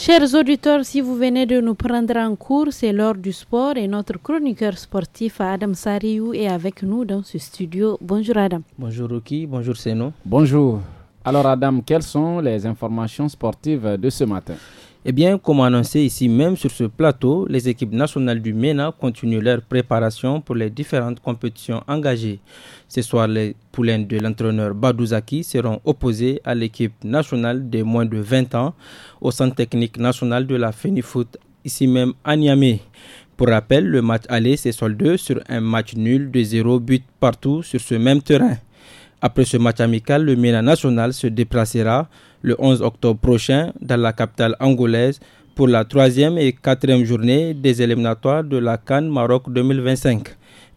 Chers auditeurs, si vous venez de nous prendre en cours, c'est l'heure du sport et notre chroniqueur sportif Adam Sariou est avec nous dans ce studio. Bonjour Adam. Bonjour Ruki, bonjour Seno. Bonjour. Alors Adam, quelles sont les informations sportives de ce matin eh bien, comme annoncé ici même sur ce plateau, les équipes nationales du MENA continuent leur préparation pour les différentes compétitions engagées. Ce soir, les poulaines de l'entraîneur Badouzaki seront opposées à l'équipe nationale des moins de 20 ans au Centre technique national de la FENIFOOT, ici même à Niamey. Pour rappel, le match aller s'est soldé sur un match nul de 0 but partout sur ce même terrain. Après ce match amical, le MENA national se déplacera le 11 octobre prochain dans la capitale angolaise pour la troisième et quatrième journée des éliminatoires de la Cannes Maroc 2025.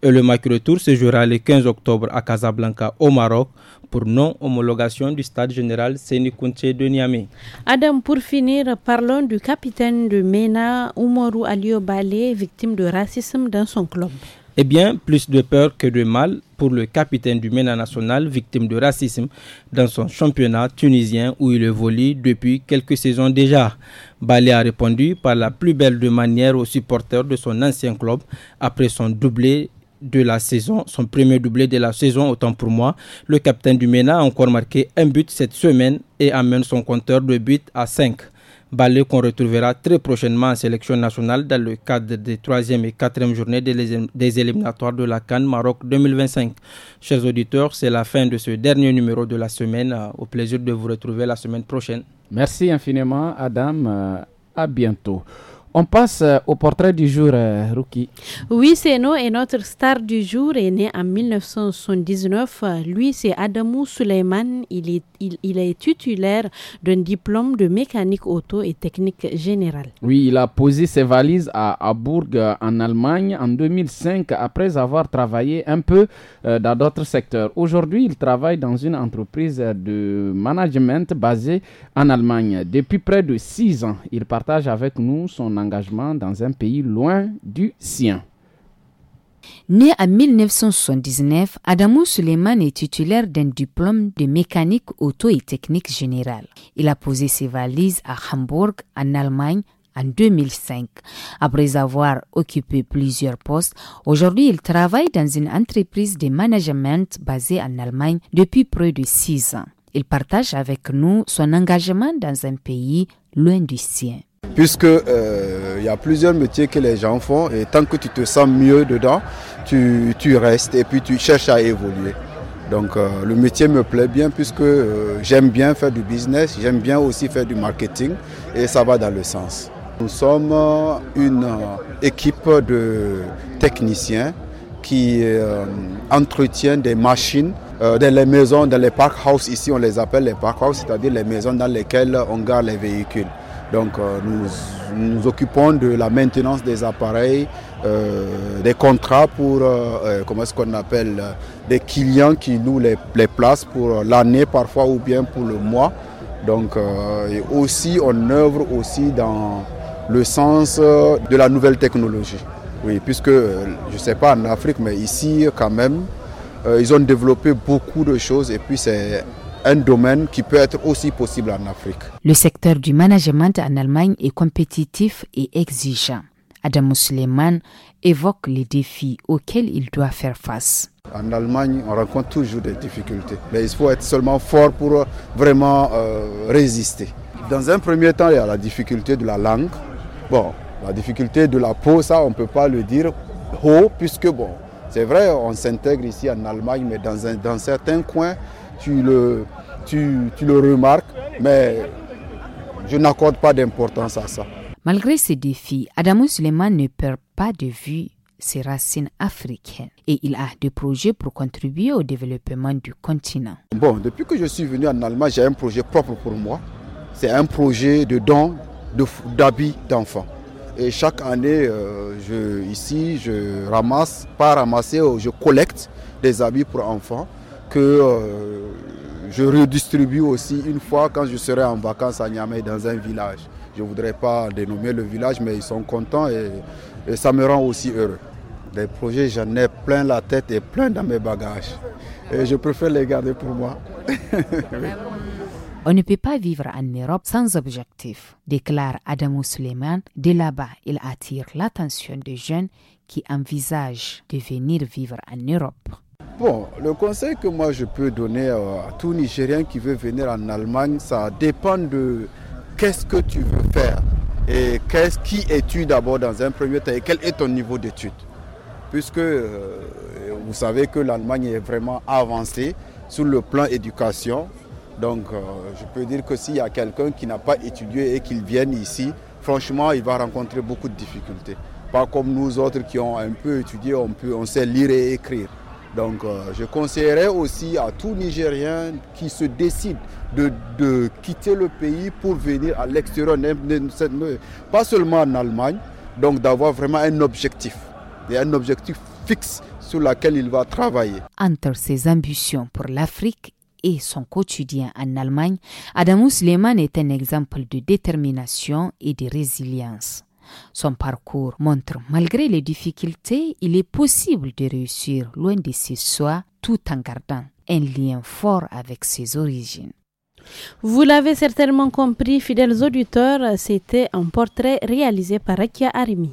Et le match retour se jouera le 15 octobre à Casablanca au Maroc pour non-homologation du stade général Seni de Niamey. Adam, pour finir, parlons du capitaine de MENA, Alio Aliobale, victime de racisme dans son club. Eh bien, plus de peur que de mal, pour le capitaine du MENA national, victime de racisme, dans son championnat tunisien où il évolue depuis quelques saisons déjà. Balé a répondu par la plus belle de manière aux supporters de son ancien club après son doublé de la saison, son premier doublé de la saison, autant pour moi. Le capitaine du MENA a encore marqué un but cette semaine et amène son compteur de buts à 5. Ballet qu'on retrouvera très prochainement en sélection nationale dans le cadre des troisième et quatrième journées des éliminatoires de la Cannes Maroc 2025. Chers auditeurs, c'est la fin de ce dernier numéro de la semaine. Au plaisir de vous retrouver la semaine prochaine. Merci infiniment, Adam. Euh, à bientôt. On passe euh, au portrait du jour, euh, Ruki. Oui, c'est nous et notre star du jour est né en 1979. Lui, c'est Adamou Suleiman. Il est, il, est titulaire d'un diplôme de mécanique auto et technique générale. Oui, il a posé ses valises à Hambourg, euh, en Allemagne, en 2005, après avoir travaillé un peu dans d'autres secteurs. Aujourd'hui, il travaille dans une entreprise de management basée en Allemagne. Depuis près de six ans, il partage avec nous son engagement dans un pays loin du sien. Né en 1979, Adamou Suleiman est titulaire d'un diplôme de mécanique auto et technique générale. Il a posé ses valises à Hambourg, en Allemagne, en 2005. Après avoir occupé plusieurs postes, aujourd'hui il travaille dans une entreprise de management basée en Allemagne depuis près de six ans. Il partage avec nous son engagement dans un pays loin du sien. Puisque euh, il y a plusieurs métiers que les gens font et tant que tu te sens mieux dedans, tu, restes et puis tu cherches à évoluer. Donc euh, le métier me plaît bien puisque euh, j'aime bien faire du business, j'aime bien aussi faire du marketing et ça va dans le sens. Nous sommes une équipe de techniciens qui entretient des machines dans les maisons, dans les park houses. Ici, on les appelle les park c'est-à-dire les maisons dans lesquelles on garde les véhicules. Donc euh, nous nous occupons de la maintenance des appareils, euh, des contrats pour, euh, comment est-ce qu'on appelle, des clients qui nous les, les placent pour l'année parfois ou bien pour le mois. Donc aussi on œuvre aussi dans le sens de la nouvelle technologie. Oui, puisque je ne sais pas en Afrique, mais ici quand même, ils ont développé beaucoup de choses et puis c'est un domaine qui peut être aussi possible en Afrique. Le secteur du management en Allemagne est compétitif et exigeant. Adam Suleiman évoque les défis auxquels il doit faire face. En Allemagne, on rencontre toujours des difficultés, mais il faut être seulement fort pour euh, vraiment euh, résister. Dans un premier temps, il y a la difficulté de la langue. Bon, la difficulté de la peau, ça, on ne peut pas le dire haut, puisque bon, c'est vrai, on s'intègre ici en Allemagne, mais dans, un, dans certains coins, tu le, tu, le remarques, mais je n'accorde pas d'importance à ça. Malgré ces défis, Adamou Suleiman ne perd pas de vue ses racines africaines et il a des projets pour contribuer au développement du continent. Bon, depuis que je suis venu en Allemagne, j'ai un projet propre pour moi. C'est un projet de dons d'habits d'enfants. Et chaque année, euh, je, ici, je ramasse, pas ramasser, oh, je collecte des habits pour enfants que euh, je redistribue aussi une fois quand je serai en vacances à Niamey dans un village. Je ne voudrais pas dénommer le village, mais ils sont contents et, ça me rend aussi heureux. Des projets, j'en ai plein la tête et plein dans mes bagages. Et je préfère les garder pour moi. On ne peut pas vivre en Europe sans objectif, déclare Adam Suleiman. De là-bas, il attire l'attention des jeunes qui envisagent de venir vivre en Europe. Bon, le conseil que moi je peux donner à tout Nigérien qui veut venir en Allemagne, ça dépend de qu'est-ce que tu veux faire et qui es-tu d'abord dans un premier temps et quel est ton niveau d'étude. Puisque euh, vous savez que l'Allemagne est vraiment avancée sur le plan éducation. Donc euh, je peux dire que s'il y a quelqu'un qui n'a pas étudié et qu'il vienne ici, franchement, il va rencontrer beaucoup de difficultés. Pas comme nous autres qui ont un peu étudié, on, peut, on sait lire et écrire. Donc euh, je conseillerais aussi à tout Nigérien qui se décide de, quitter le pays pour venir à l'extérieur, pas seulement en Allemagne, donc d'avoir vraiment un objectif, et un objectif fixe sur lequel il va travailler. Entre ses ambitions pour l'Afrique et son quotidien en Allemagne, Adamus Lehman est un exemple de détermination et de résilience. Son parcours montre, malgré les difficultés, il est possible de réussir loin de ses soins tout en gardant un lien fort avec ses origines. Vous l'avez certainement compris, fidèles auditeurs, c'était un portrait réalisé par Akia Arimi.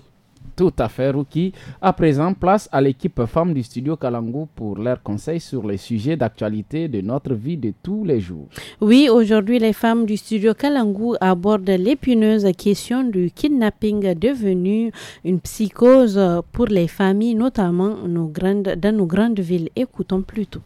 Tout à fait, Rookie. À présent, place à l'équipe femme du studio Kalangou pour leurs conseils sur les sujets d'actualité de notre vie de tous les jours. Oui, aujourd'hui, les femmes du studio Kalangou abordent l'épineuse question du kidnapping devenu une psychose pour les familles, notamment dans nos grandes villes. Écoutons plutôt.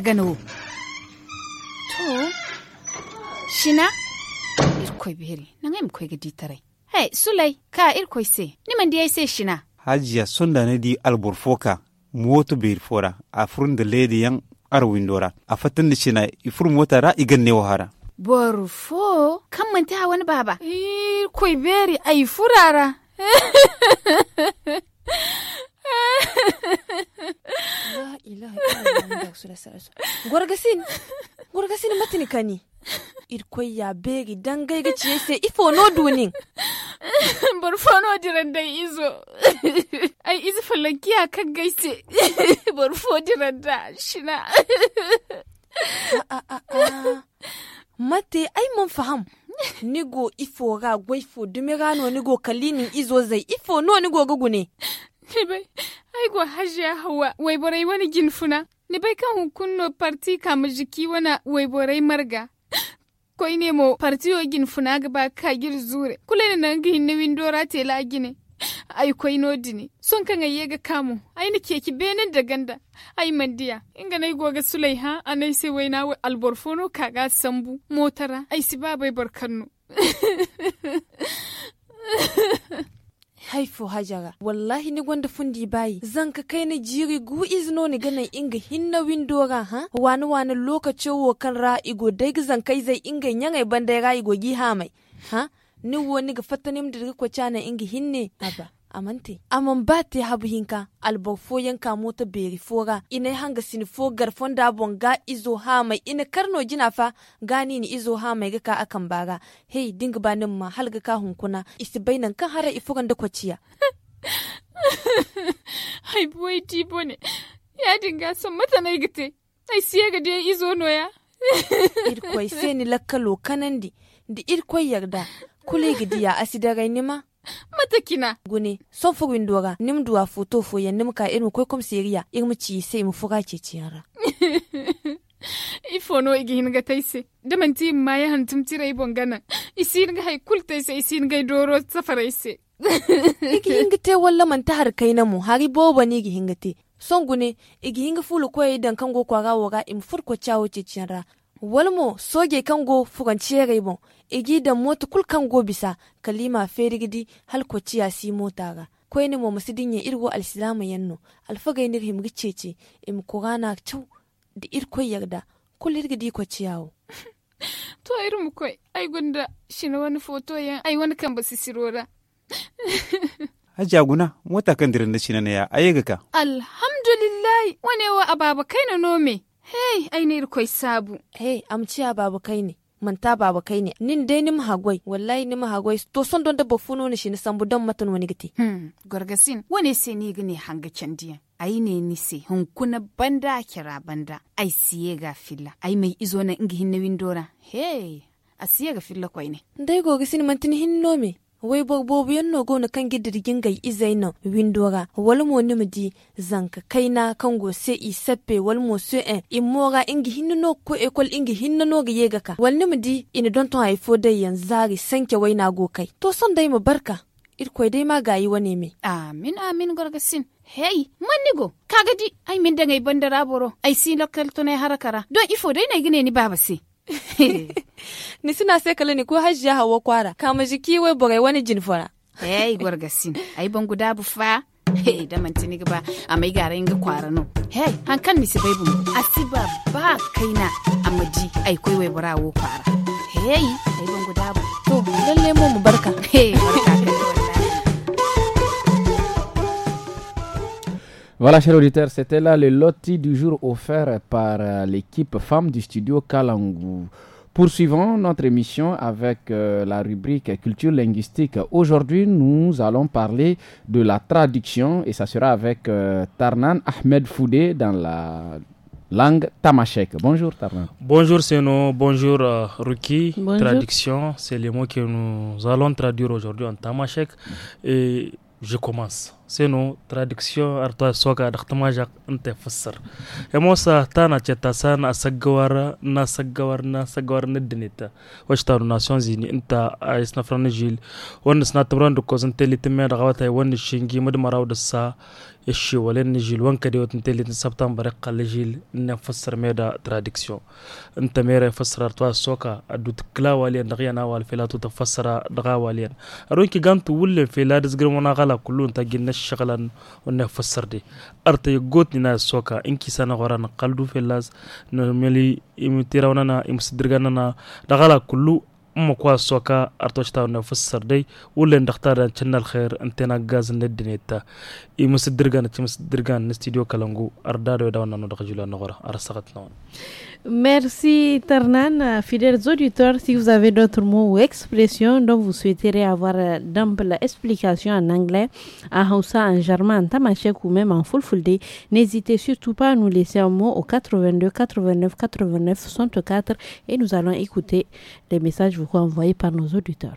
gano to shina irkoy beheri nanga ga diitaray hey sulay man irkoyse nimandiyaysee shina hajiya sondanadi alburfoka moto beirfora afrunda leediyan arwindora da shina ifur ne wahara borfo kan manta wani baba irkoy beri ay furara la ilaha illallah gorgasin gorgasin matini kani irkoy ya begi dangay ga ciyese ifo no dunin bar fono diran dai izo ai izo falankiya kan gaise bar fo diran da shina ah, ah, ah, mate ai mun faham nigo ifo ga gwaifo dumira no nigo kalinin izo zai ifo no nigo gugune nibai aigwa hajiya hawa waiborai wani ginfuna nibai kan hukunno parti kama jiki wana waiborai marga koi ne mo parti o ginfuna gaba ka gir zure kula ne nan gihin ne windora tela gine ai koi no dini son kan ayye ga kamu ai ni keki benin da ganda ai mandiya inga nai goga sulaiha anai sai waina wai alborfono kaga sambu motara ai si babai barkanno haifo hajara wallahi ni gwanda fundi bayi zan ka kai ni jiri gu izno ni ganan inga hinna windora ha wani wani lokaci wo kan ra igo dai zan kai zai inga nyangai bandai ra igo gi ha mai ha ni wo ga fatanim da ko cana inga hinne aba amante amon bate habu hinka albo fo yanka mota beri fora ina hanga sini fo garfon da bonga izo ha mai ina karno jina fa gani ni izo ha mai gaka akan baga hey dinga banin ma halga ka hunkuna isi bainan kan hara ifuran da kwaciya hai boy ti ne ya dinga son mata nai gite ai siya ga dai izo noya irkwai sai ni lakkalo kanandi da irkwai yarda kule gidiya asidarai nima matakina gune sɔn fog win dɔga nim du a fo to fo yɛ nim ka irimu koi kɔmsi yegi ya igimu ci se imu foga ceciyara i fono igi hiniga taise damanti maya hantum tira i bongana i siniga hai kul taise i siniga i doro safara ise igi hinga te walla man ta hari kaina mu hari boba ni igi hinga te sɔn gune igi hinga fulu kwa i dan kango kwa ga waga imu furko cawo ceciyara walmo soge kango fugan ciyega i bon igi da mota kulkan go sa, kalima ferigidi halko ciya si mota ga koyni mo masidinye irgo alsilama yanno alfaga inir himgi cece im kogana cu da irko yagda kulirgidi ko ciyawo to irin mu koi ai gunda shi wani foto yan ai wani kan basu sirora Hajiya guna mota kan dirin da shi na ya aye ga ka alhamdulillah wane wa ababa kai na nome hey ai ne irkoi sabu hey amciya babu kai ne manta baba kai ne nin dai nim hagwai wallahi nim hagwai to son don da bofuno ne shi ne sambu don matan wani gite hmm, gorgasin wani se ni gani hanga ai ne hunkuna banda kira banda ai siye ga filla ai mai izo ingi windora hey a siye ga filla kwai ne dai gorgasin mantin hinno me wai bogbobu yanno na kan gidirgin gai izai na windora walmo nimu di zanka kaina kan go se i seppe walmo se en in mora ingi hinno no ko ekol ingi hinno no ga yega ka wal di ina don ton fo dai yan zari sanke na go kai to son dai mu barka koy dai ma gayi wane me amin amin sin hey manigo kaga di ai min da ngai bandara boro ai si lokal to ne harakara don ifo dai na gine ni baba ni suna se kala ni ko ya hawa kwara kama jiki wai bogai wani jin fara hey eh, gwargasin ai ban guda bu fa hey da man tini gaba a mai gara inga kwara no hey hankan ni sibai bu asiba ba kaina amaji ai koi wai burawo kwara hey ai ban guda bu to lalle mu mu barka hey barka Voilà, chers auditeurs, c'était là le loti du jour offert par euh, l'équipe femme du studio Kalangou. Poursuivons notre émission avec euh, la rubrique culture linguistique. Aujourd'hui, nous allons parler de la traduction et ça sera avec euh, Tarnan Ahmed Foudé dans la langue tamashek. Bonjour Tarnan. Bonjour Seno, bonjour Ruki. Traduction, c'est les mots que nous allons traduire aujourd'hui en tamashek mm-hmm. et je commence. seno traduction artoa soka inta inte fassar emosa tana cheta sana asagawara na sagawar na sagawar na dinita washtaru nations uni inta isna frana jil wonnes na tamran dukozante litime dagawata wan shingi mud maraw dassa الشي ولن جيل وان كدي وتنتلي تنسبتان بريق لجيل نفسر ميدا تراديكسيون انت ميرا يفسر ارتوا سوكا ادو تكلا واليا دغيا ناوال فيلا تو تفسر دغا واليا ارون كي غانت ول فيلا دزغر ونا غلا كلو انت جن شغلا ونفسر دي ارت يغوت نينا سوكا انكي سنا غوران قلدو فيلاز نورمالي يمتيرونا يمسدرغنا دغلا كلو uma kuwaas oo ka artoshtaawna fasarday wulen dhakhtaran channel khair antena gaasna dhineta imase dirgana chimase dirgan studio kalangu ardaadhoydhawanano dhaqajula noqora arsaqadnawan Merci Tarnan, fidèles auditeurs. Si vous avez d'autres mots ou expressions dont vous souhaiterez avoir euh, d'amples explications en anglais, en Hausa, en germain, en tamashek ou même en fulfulde, n'hésitez surtout pas à nous laisser un mot au 82 89 89 64 et nous allons écouter les messages vous envoyés par nos auditeurs.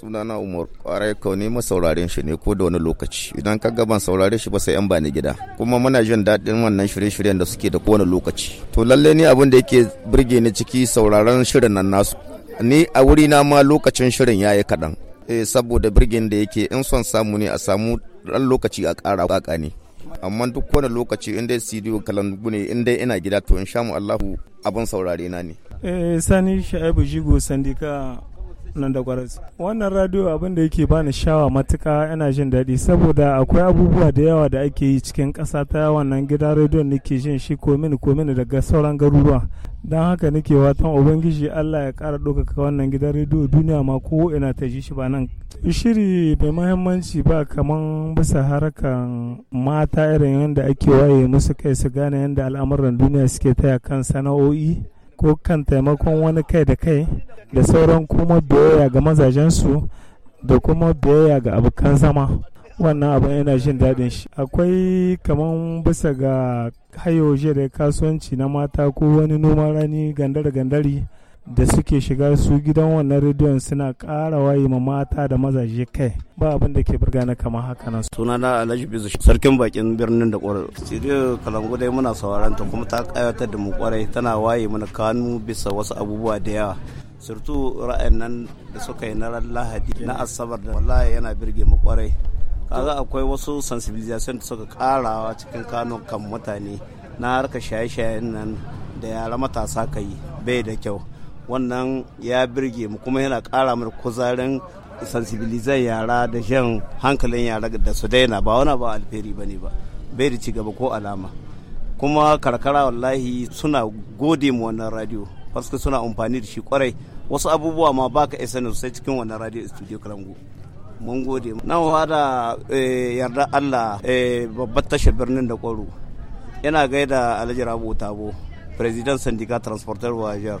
sunana umar kwarai kauni masauraren shi ne ko da wani lokaci idan ka ga gaban saurare shi ba sai yan bani gida kuma muna jin daɗin wannan shirye-shiryen da suke da kowane lokaci to lallai ni abin da yake birge ni ciki sauraron shirin nan nasu ni a wuri na ma lokacin shirin yayi kaɗan eh saboda birgin da yake in son samu ne a samu ran lokaci a ƙara ƙaƙa ne amma duk kowane lokaci in dai studio kalangu ne in dai ina gida to in sha mu Allahu abin saurare na ne eh sani sha'ibu jigo sandika nan da kwaras wannan radio abin da yake bani shawa matuka yana jin daɗi saboda akwai abubuwa da yawa da ake yi cikin ƙasa ta wannan gidan rediyon nake jin shi ko mini ko mini daga sauran garuruwa don haka nake watan ubangiji allah ya ƙara ɗaukaka wannan gidan rediyo duniya ma ko ina ta ji shi ba nan shiri mai mahimmanci ba kaman bisa harkan mata irin yadda ake waye musu kai su gane yadda al'amuran duniya suke taya kan sana'o'i ko kan taimakon wani kai da kai da sauran kuma biyayya ga mazajensu da kuma biyayya ga abokan zama wannan abin yana jin daɗin shi akwai kaman bisa ga hayo da kasuwanci na mata ko wani noman rani gandar-gandari da suke shiga su gidan wannan rediyon suna ƙara waye ma mata da mazaje kai ba abin da ke burga na kamar haka nan suna na alhaji bizu sarkin bakin birnin da kwarar studio kalangu dai muna sauraron ta kuma ta kayatar da mu kwarai tana waye mana kanu bisa wasu abubuwa da yawa surtu ra'ayin nan da suka yi na lahadi na asabar da wallahi yana birge mu kwarai kaga akwai wasu sensibilization da suka karawa cikin kanun kan mutane na harka shaye-shayen nan da yara matasa kayi bai da kyau wannan ya birge mu kuma yana kara mana kuzarin sensibilizar yara da jan hankalin yara da su daina ba wani ba alferi ba ba bai da cigaba ko alama kuma karkara wallahi suna gode mu wannan radio paske suna amfani da shi kwarai wasu abubuwa ma baka isa ne sai cikin wannan radio studio karangu mun gode na da eh, yarda Allah eh, babbar tashar birnin da kwaro yana gaida Alhaji Rabu Tabo president sandika transporter wajar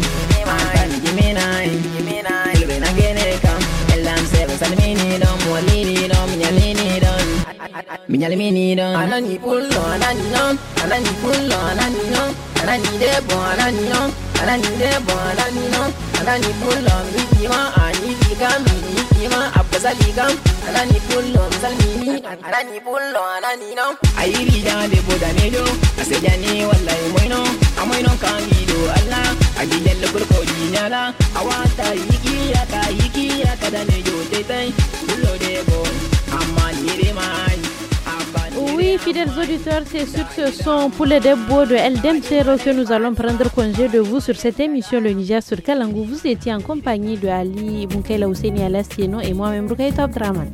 Minyalimini don Anani pull on Anani on Anani pull on Anani on Anani debo Anani on Anani debo Anani on Anani pull on Bikima Ani Bikam Bikima Abbasaligam Anani pull on Salmini Anani pull on Anani on Ayiri da debo da mejo Asejani wallahi moino Amoino kangido Allah Agidel kurko dinyala Awata yiki yaka yiki yaka da mejo tetai Pull on debo Amma nirima Oui, fidèles auditeurs, c'est que ce son pour les débuts de Eldem que nous allons prendre congé de vous sur cette émission Le Niger sur Kalangou. Vous étiez en compagnie de Ali Bunkela Ouseni l'Est et moi-même Top Draman.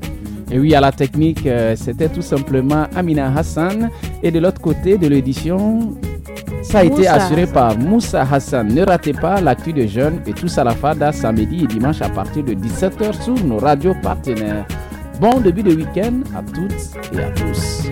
Et oui, à la technique, euh, c'était tout simplement Amina Hassan. Et de l'autre côté de l'édition, ça a été assuré par Moussa Hassan. Ne ratez pas l'actu de jeunes et tous à la fada samedi et dimanche à partir de 17h sur nos radios partenaires. Bon début de week-end à toutes et à tous.